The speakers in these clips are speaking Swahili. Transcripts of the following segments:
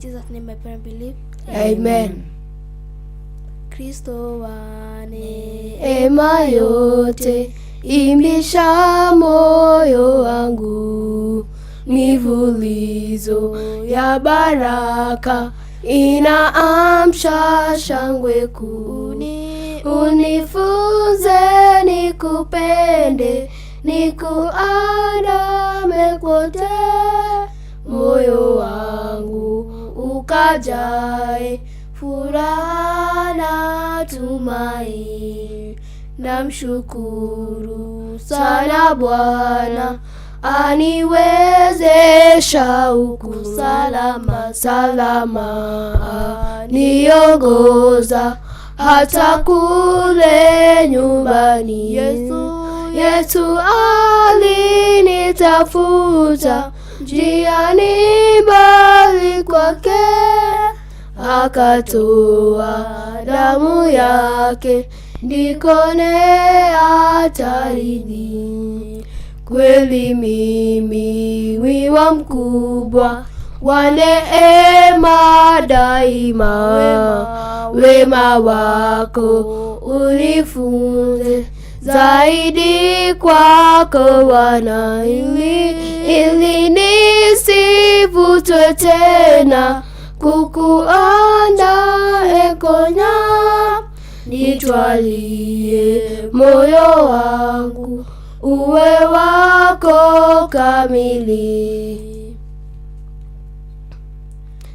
Jesus name my pray believe. Amen. Kristo wa neema yote, imbisha moyo wangu, mivulizo ya baraka inaamsha shangwe kuu. Unifunze nikupende, nikuandame kwote moyo wangu ukajae furaha na tumaini. Namshukuru sana Bwana aniwezesha huku salama salama, niongoza hata kule nyumbani. Yesu Yesu alinitafuta ni bali kwake akatoa damu yake, ndikone ataridhi. Kweli mimi wiwa mkubwa wa neema daima, wema wako ulifunze zaidi kwako Bwana, ili ili nisivutwe tena kukuona ekonya, nitwalie moyo wangu uwe wako kamili.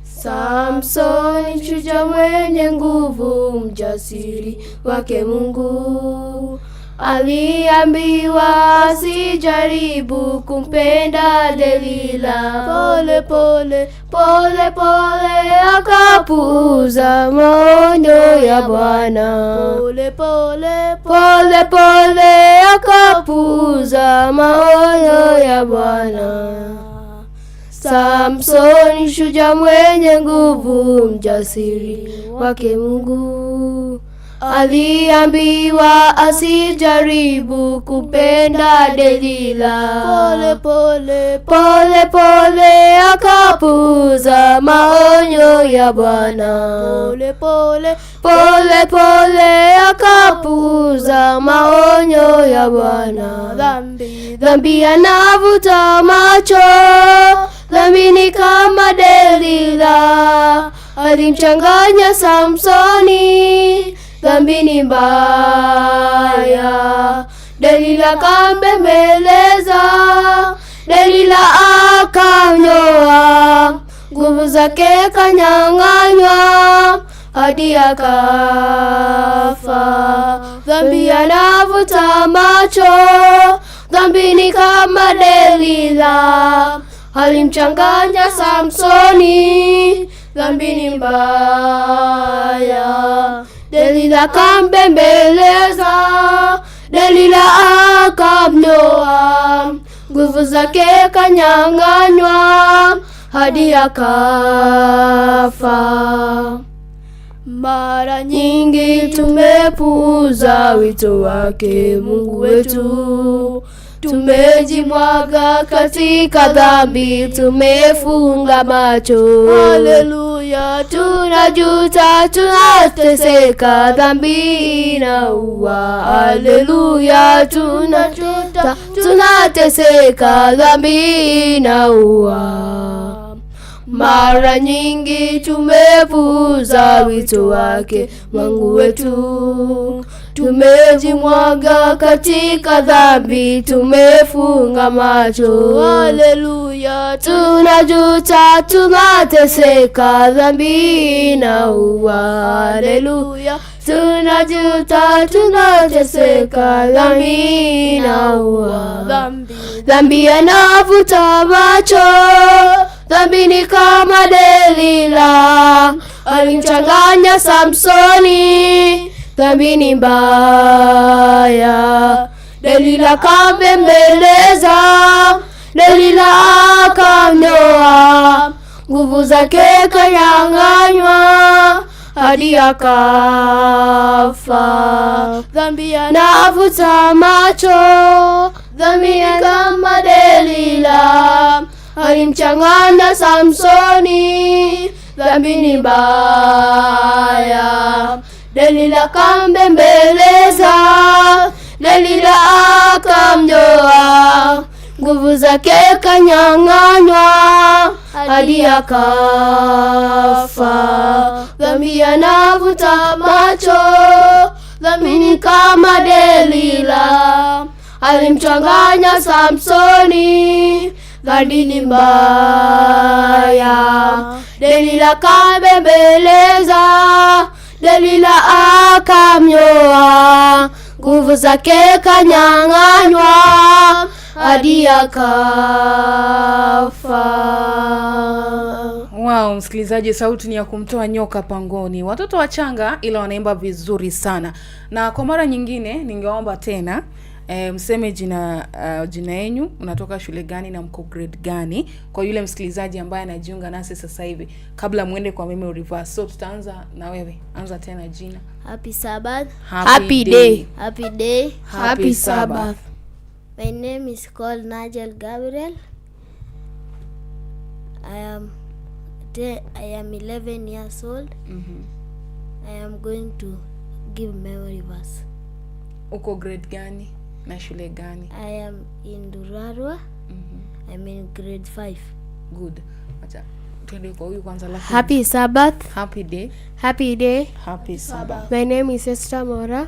Samsoni, shujaa mwenye nguvu, mjasiri wake Mungu Aliambiwa jaribu kumpenda Delila. Pole pole pole pole akapuza maonyo ya Bwana. Pole pole pole pole akapuza maonyo ya Bwana. Samson shujaa mwenye nguvu, mjasiri wake Mungu Aliambiwa asijaribu kupenda Delila. Pole pole pole pole akapuza maonyo ya Bwana. Pole pole pole pole akapuza maonyo ya Bwana. Dhambi dhambi anavuta macho, dhambi ni kama Delila, alimchanganya Samsoni dhambi ni mbaya. Delila kambembeleza, Delila akanyoa, nguvu zake kanyang'anywa hadi akafa. Dhambi anavuta macho, dhambi ni kama Delila, alimchanganya Samsoni, dhambi ni mbaya. Delila kambembeleza Delila akamnyoa, nguvu zake kanyang'anywa hadi akafa. Mara nyingi tumepuuza wito wake Mungu wetu, tumejimwaga katika dhambi, tumefunga macho. Haleluya huyo, tunajuta, tunateseka, dhambi uwa. Haleluya, tunajuta, tunateseka, dhambi uwa. Mara nyingi tumepuuza wito wake Mungu wetu Tumejimwaga katika dhambi, tumefunga macho. Haleluya, tunajuta, tunateseka, dhambi uwa. Haleluya, tunajuta, tunateseka, dhambi uwa. Dhambi yanavuta macho, dhambi ni kama Delila, alimchanganya Samsoni dhambi ni mbaya, Delila kambembeleza, Delila akamnyoa, nguvu zake kanyang'anywa hadi akafa. Dhambi anavuta macho, dhambi kama Delila alimchanganya Samsoni, dhambi ni mbaya Delila kambembeleza, Delila akamnyoa, nguvu zake kanyang'anywa hadi akafa. Dhambi yanavuta macho, ni kama Delila alimchanganya Samsoni, dhambi ni mbaya. Delila kambembeleza Delila akamnyoa, nguvu zake kanyang'anywa hadi akafa. Wow, msikilizaji, sauti ni ya kumtoa nyoka pangoni. Watoto wachanga ila wanaimba vizuri sana, na kwa mara nyingine ningewaomba tena E, mseme jina uh, jina yenu, unatoka shule gani na mko grade gani, kwa yule msikilizaji ambaye anajiunga nasi sasa hivi, kabla muende kwa mimi reverse. So tutaanza na wewe, anza tena jina. Happy Sabbath. Happy, happy day. day. Happy day. Happy, happy Sabbath. Sabbath. My name is called Nigel Gabriel. I am I am 11 years old. Mm-hmm. I am going to give memory verse. Uko grade gani? na shule gani? I am in Durarwa. mm -hmm. I'm in grade 5. Good. Acha tuende kwa huyu kwanza lakini. Happy Sabbath. Happy day. Happy day. Happy Sabbath. My name is Esther Mora.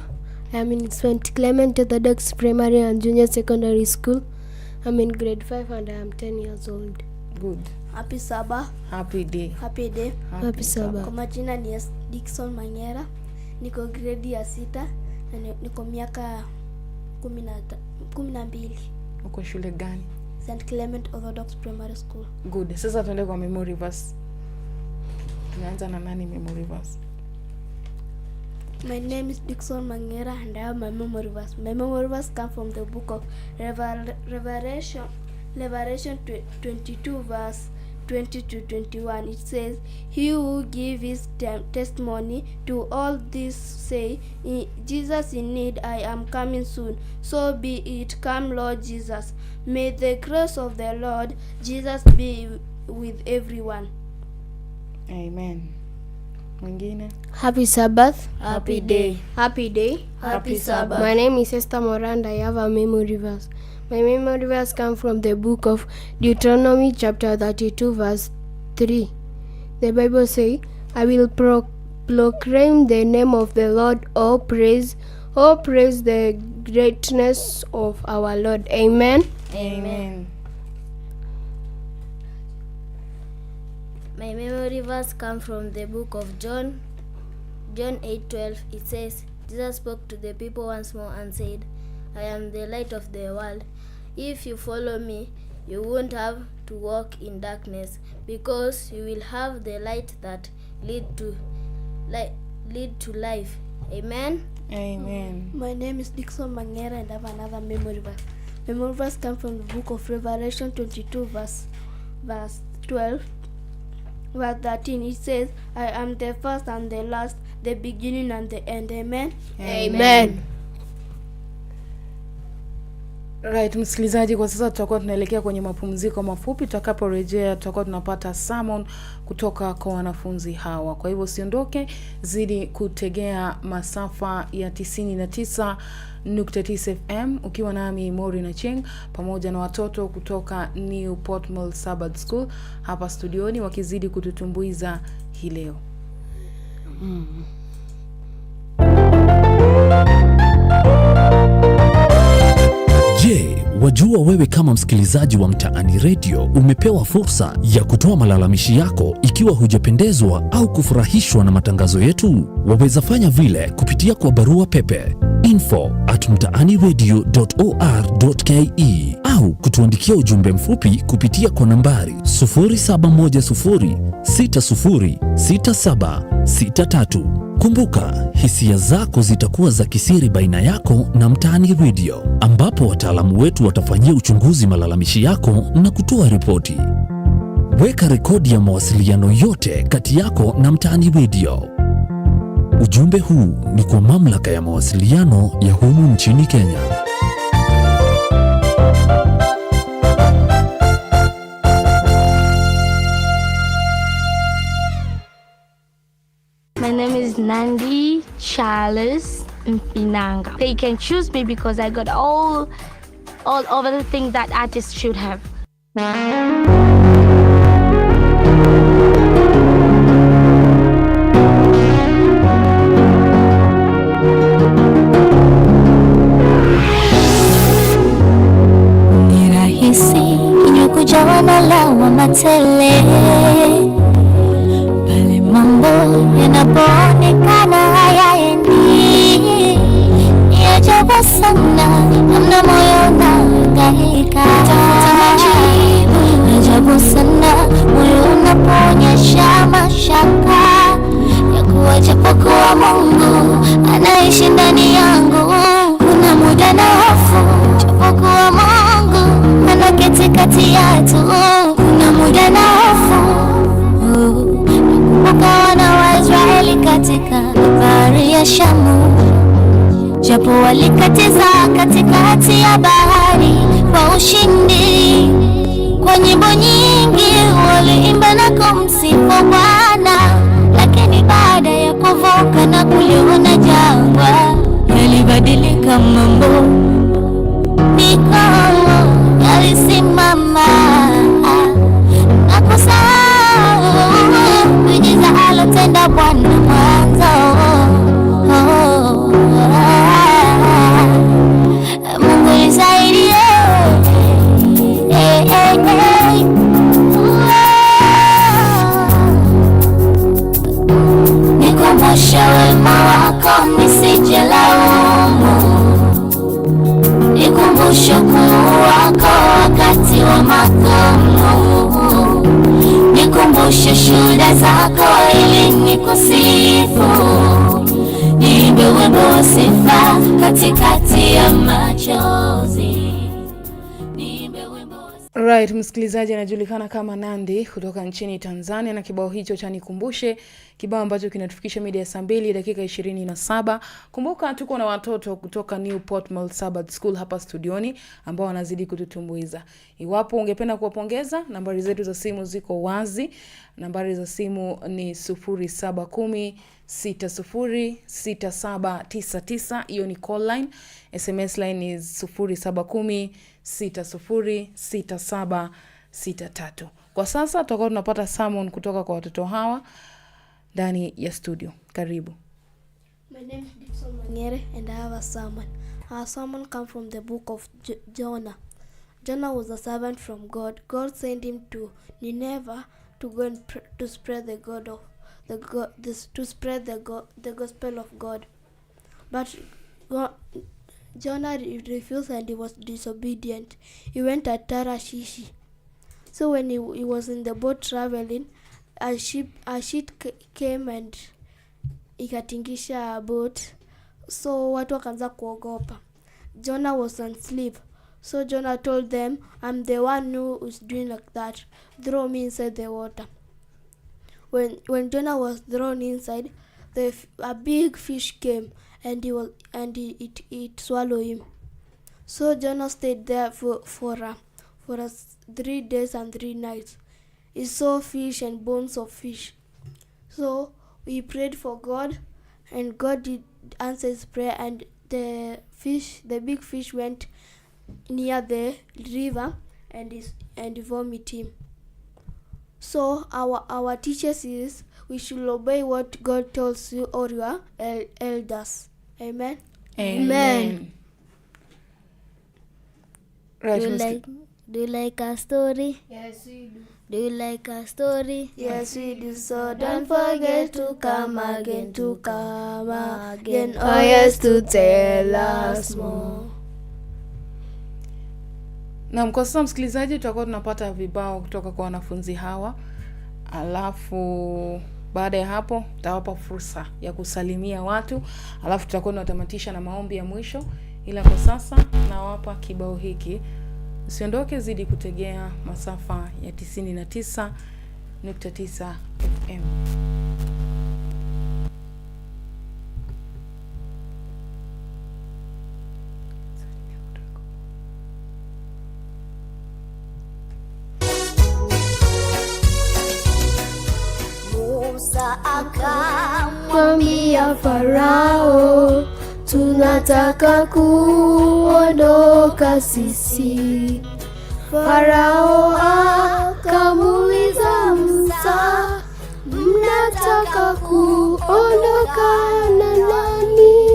I am in St. Clement Orthodox Primary and Junior Secondary School. I'm in grade 5 and I am 10 years old. Good. Happy Sabbath. Happy day. Happy day. Happy, Happy Sabbath. Kwa majina ni Dickson Manyera. Niko grade ya 6 na niko miaka kumi na mbili. Uko shule gani? St Clement Orthodox Primary School. Good. Sasa tuende kwa memory verse. Tunaanza na nani memory verse? My name is Dickson Mangera and I have my memory verse. My memory verse come from the book of Revelation, Revelation 22 verse 20 to 21 it says he will give his testimony to all this say jesus in need i am coming soon so be it come lord jesus may the grace of the lord jesus be with everyone amen Mwingine. Happy Sabbath. Happy day. Happy day. Happy Sabbath. My name is Esther Moranda. I have a memory verse. My memory verse comes from the book of Deuteronomy chapter 32 verse 3. The Bible says, I will pro- proclaim the name of the Lord. Oh praise, oh praise the greatness of our Lord. Amen. Amen. My memory verse comes from the book of John. John 8:12 it says, Jesus spoke to the people once more and said, I am the light of the world. If you follow me, you won't have to walk in darkness because you will have the light that lead to li- lead to life. Amen. Amen. My name is Dixon Mangera and I have another memory verse. Memory verse comes from the book of Revelation 22 verse verse 12 verse 13, it says, I am the first and the last, the beginning and the end. Amen. Amen. Amen. Right, msikilizaji, kwa sasa tutakuwa tunaelekea kwenye mapumziko mafupi. Tutakaporejea tutakuwa tunapata sermon kutoka kwa wanafunzi hawa. Kwa hivyo usiondoke, zidi kutegea masafa ya 99.9 FM ukiwa nami Mori na Cheng pamoja na watoto kutoka New Portmal Sabbath School hapa studioni wakizidi kututumbuiza hii leo mm. Wajua wewe kama msikilizaji wa Mtaani Redio umepewa fursa ya kutoa malalamishi yako ikiwa hujapendezwa au kufurahishwa na matangazo yetu. Waweza fanya vile kupitia kwa barua pepe info at mtaaniradio.or.ke au kutuandikia ujumbe mfupi kupitia kwa nambari 0710606763. Kumbuka, hisia zako zitakuwa za kisiri baina yako na Mtaani Radio, ambapo wataalamu wetu watafanyia uchunguzi malalamishi yako na kutoa ripoti. Weka rekodi ya mawasiliano yote kati yako na Mtaani Radio. Ujumbe huu ni kwa mamlaka ya mawasiliano ya humu nchini Kenya. Mandy, Charles, and Pinanga. They can choose me because I got all all over the things that artists should have. matele Shamu, japo walikatiza katikati ya bahari kwa ushindi. Kwa nyimbo nyingi waliimba na kumsifu Bwana, lakini baada ya kuvuka na kuliona jangwa yalibadilika mambo, mikao Alright, msikilizaji anajulikana kama Nandy kutoka nchini Tanzania na kibao hicho cha nikumbushe, kibao ambacho kinatufikisha mida ya saa mbili dakika ishirini na saba. Kumbuka tuko na watoto kutoka Newport Mall Sabbath School hapa studioni ambao wanazidi kututumbuiza. Iwapo ungependa kuwapongeza, nambari zetu za simu ziko wazi. Nambari za simu ni 0710 606799, hiyo ni call line. SMS line ni 0710 606763. Kwa sasa tutakuwa tunapata summon kutoka kwa watoto hawa ndani ya studio. Karibu. My name is and I have a sermon. Our sermon from the book of J Jonah. Jonah was a servant from God. God sent him to Nineveh to go and to spread the God of the God this to spread the the gospel of God. But God Jonah refused and he was disobedient. He went at Tarashishi. So when he, he was in the boat traveling, a ship a ship came and ikatingisha boat. So watu wakaanza kuogopa. Jonah was asleep. So Jonah told them, I'm the one who is doing like that. Throw me inside the water. When when Jonah was thrown inside, the, a big fish came and he will and he, it it swallow him. So Jonah stayed there for for uh, for uh, three days and three nights. He saw fish and bones of fish. So he prayed for God, and God did answer his prayer. And the fish, the big fish, went near the river and is and vomit him. So our our teachers is we should obey what God tells you or your elders. Amen. Amen. Amen. Right, do you like do you like our story? Yes, we do. Do you like our story? Yes, we do. So don't forget to come again, to come again. Oh yes, to tell us more. Naam, kwa sasa msikilizaji, tutakuwa tunapata vibao kutoka kwa wanafunzi hawa alafu baada ya hapo, tawapa fursa ya kusalimia watu, alafu tutakuwa tunatamatisha na maombi ya mwisho, ila kwa sasa nawapa kibao hiki. Usiondoke, zidi kutegea masafa ya 99.9 FM. Farao, tunataka kuondoka sisi. Farao akamuuliza Musa, mnataka kuondoka na nani?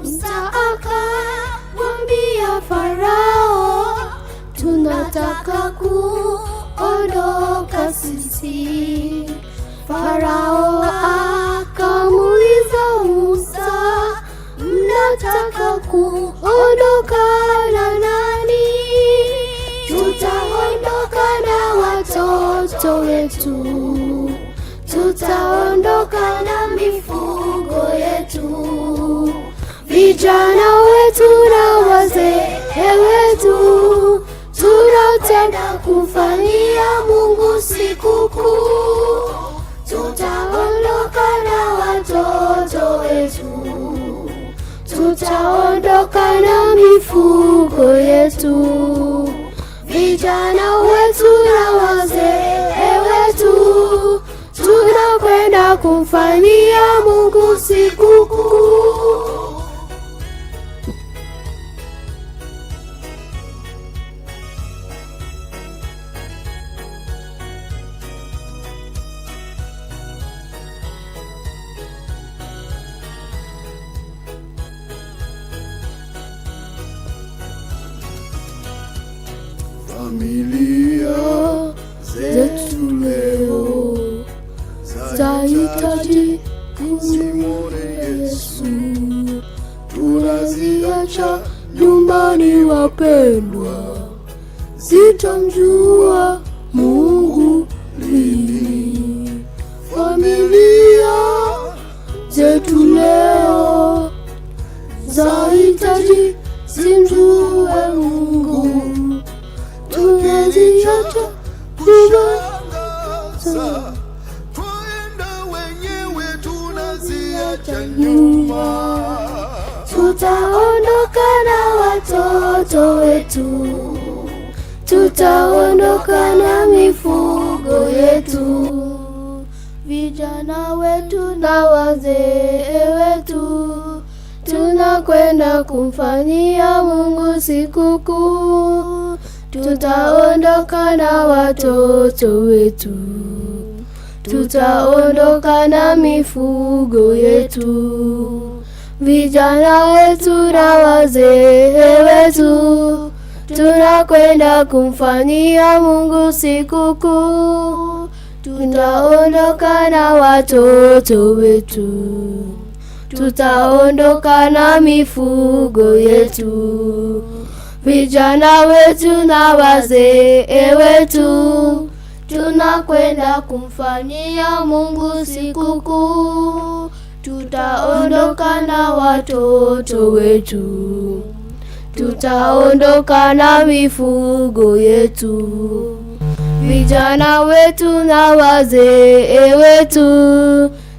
Musa akamwambia Farao, tunataka kuondoka sisi. Farao vijana wetu na wazee wetu tunaotenda kufanyia Mungu sikukuu, tutaondoka na watoto wetu, tutaondoka na mifugo yetu, vijana wetu na wazee wetu tunakwenda kufanyia Mungu sikukuu. Tunahitaji kumwone Yesu, tunaziacha nyumbani wapendwa, sitamjua Mungu lini familia zetu leo tutaondoka na watoto wetu, tutaondoka na mifugo yetu, vijana wetu na wazee wetu, tunakwenda kumfanyia Mungu sikukuu. Tutaondoka na watoto wetu, tutaondoka na mifugo yetu Vijana wetu na wazee wetu tunakwenda kumfanyia Mungu sikukuu. Tutaondoka na watoto wetu, tutaondoka na mifugo yetu. Vijana wetu na wazee wetu tunakwenda kumfanyia Mungu sikukuu. Tutaondoka na watoto wetu, tutaondoka na mifugo yetu, vijana wetu na wazee wetu,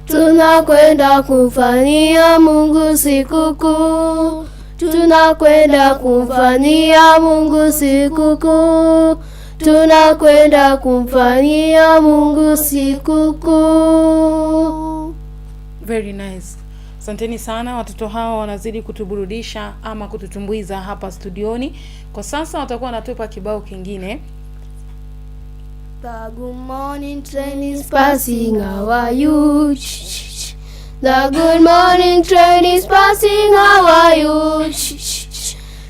tunakwenda kumfanyia Mungu sikukuu, tunakwenda kumfanyia Mungu sikukuu, tunakwenda kumfanyia Mungu sikukuu very nice. Asanteni sana, watoto hawa wanazidi kutuburudisha ama kututumbuiza hapa studioni. Kwa sasa watakuwa wanatupa kibao kingine. The good morning train is passing our The good morning train is passing our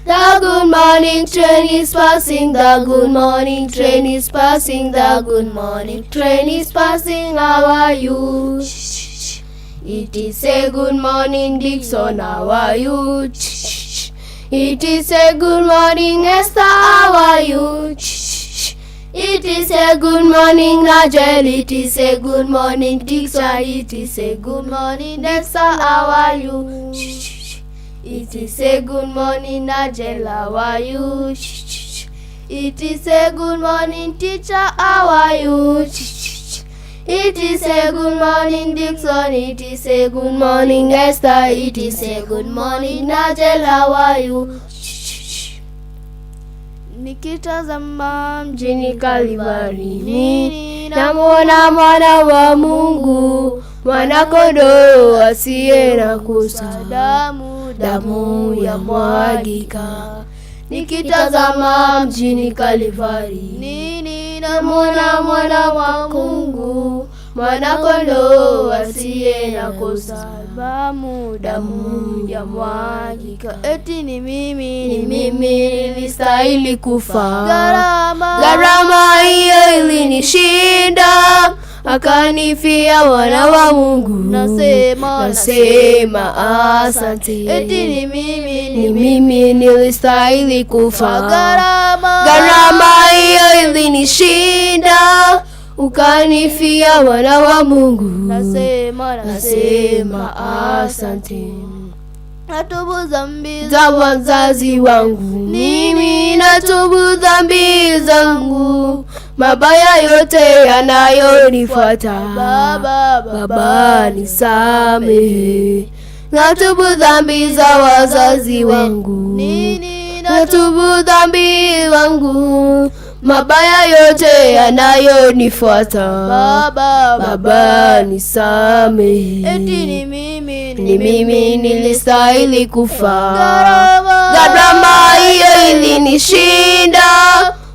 The good morning train is passing. The good morning train is passing. The good morning train is passing our It is a good morning, Dixon. How are you? It is a good morning, Esther. How are you? It is a good morning, Nigel. It is a good morning, Dixon. It is a good morning, Esther. How are you? It is a good morning, Nigel. How are you? It is a good morning, teacher. How are you? It is a good morning, Dixon. It is a good morning, Esther. It is a good morning, Nigel. How are you? Nikitazama mjini Kalvarini, namwona mwana wa Mungu, mwana mwanakondoo asiye na kosa, damu damu ya mwagika. Nikitazama mjini Kalvarini, namwona mwana wa Mungu mwanakondoo asiye na kosa, damu damu yamwagika, eti ni mimi ni mimi nilistahili kufa, gharama gharama hiyo ilinishinda akanifia mwana wa Mungu, nasema nasema asante, eti ni mimi ni mimi nilistahili kufa, gharama gharama hiyo ilinishinda ukanifia wana wa Mungu, nasema nasema asante. Natubu dhambi za wazazi wangu, mimi natubu dhambi zangu, mabaya yote yanayonifuata Baba, Baba nisamehe. Natubu dhambi za wazazi wangu, natubu dhambi wangu mabaya yote yanayonifuata Baba, Baba nisamehe, eti ni mimi, ni mimi nilistahili kufa. Gharama hiyo ilinishinda,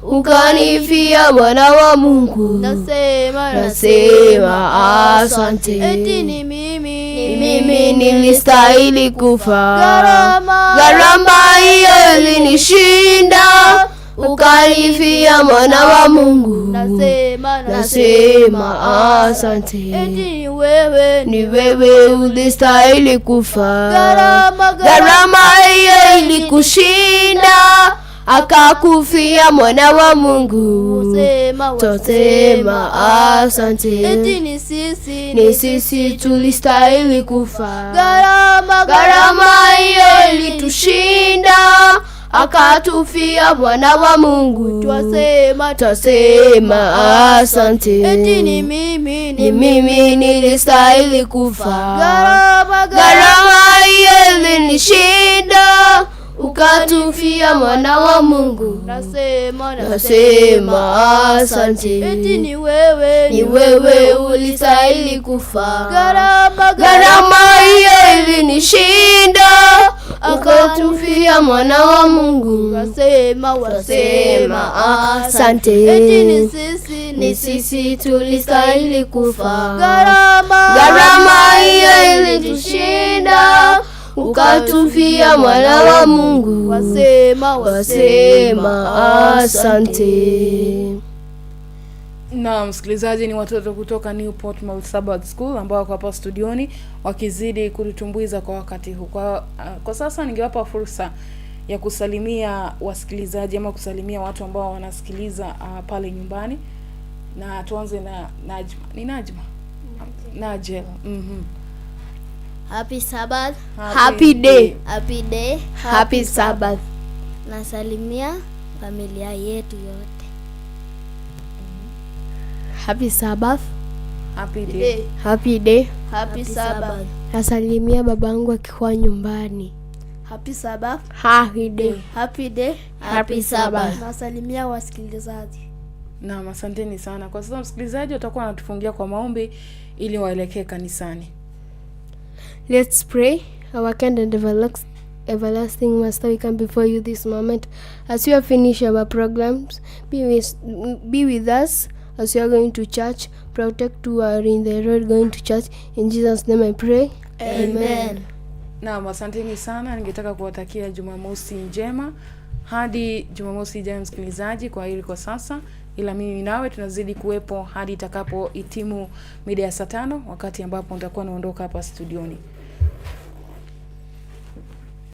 ukanifia mwana wa Mungu. Nasema, nasema asante, eti ni mimi, ni mimi nilistahili kufa. Gharama hiyo ilinishinda ukalifia mwana wa Mungu. Nasema, nasema asante, eti wewe ni wewe ulistahili kufa, gharama hiyo ilikushinda, akakufia mwana wa Mungu. Tosema asante, eti ni sisi tulistahili kufa, gharama akatufia Bwana wa Mungu, twasema twasema asante. Eti ni mimi ni mimi nilistahili kufa, gharama gharama ni shida ukatufia mwana wa Mungu. Nasema, nasema asante, eti ni wewe, ni wewe ulistahili kufa. Gharama hiyo ilinishinda, ukatufia mwana wa Mungu. Nasema, nasema asante, eti ni sisi, ni sisi tulistahili kufa. Gharama hiyo ilitushinda ukatufia mwana wa Mungu, wasema, wasema asante. Na msikilizaji, ni watoto kutoka Newport Mount Sabbath School ambao wako hapa studioni wakizidi kutumbuiza kwa wakati huu. Kwa, uh, kwa sasa ningewapa fursa ya kusalimia wasikilizaji ama kusalimia watu ambao wanasikiliza uh, pale nyumbani, na tuanze na Najma. Ni Najma Najel, Najel. Mm -hmm. Happy Sabbath, happy day, happy day, happy Sabbath. Nasalimia familia yetu yote. Happy Sabbath, happy day, happy day, happy Sabbath. Nasalimia babangu akikuwa nyumbani. Happy Sabbath, happy day, happy day, happy Sabbath. Nasalimia wasikilizaji. Naam, asanteni sana. Kwa sasa msikilizaji, watakuwa wanatufungia kwa maombi ili waelekee kanisani. Let's pray. Our kind and everlasting Master, we come before you this moment. As you have finished our programs, be with, be with us as you are going to church. Protect who are in the road going to church. In Jesus' name I pray. Amen. Amen. Naam, asanteni sana. Ningetaka kuwatakia Jumamosi njema hadi Jumamosi ijayo, msikilizaji. Kwa hili kwa sasa ila mimi nawe tunazidi kuwepo hadi itakapo hitimu mida ya saa tano, wakati ambapo nitakuwa naondoka hapa studioni.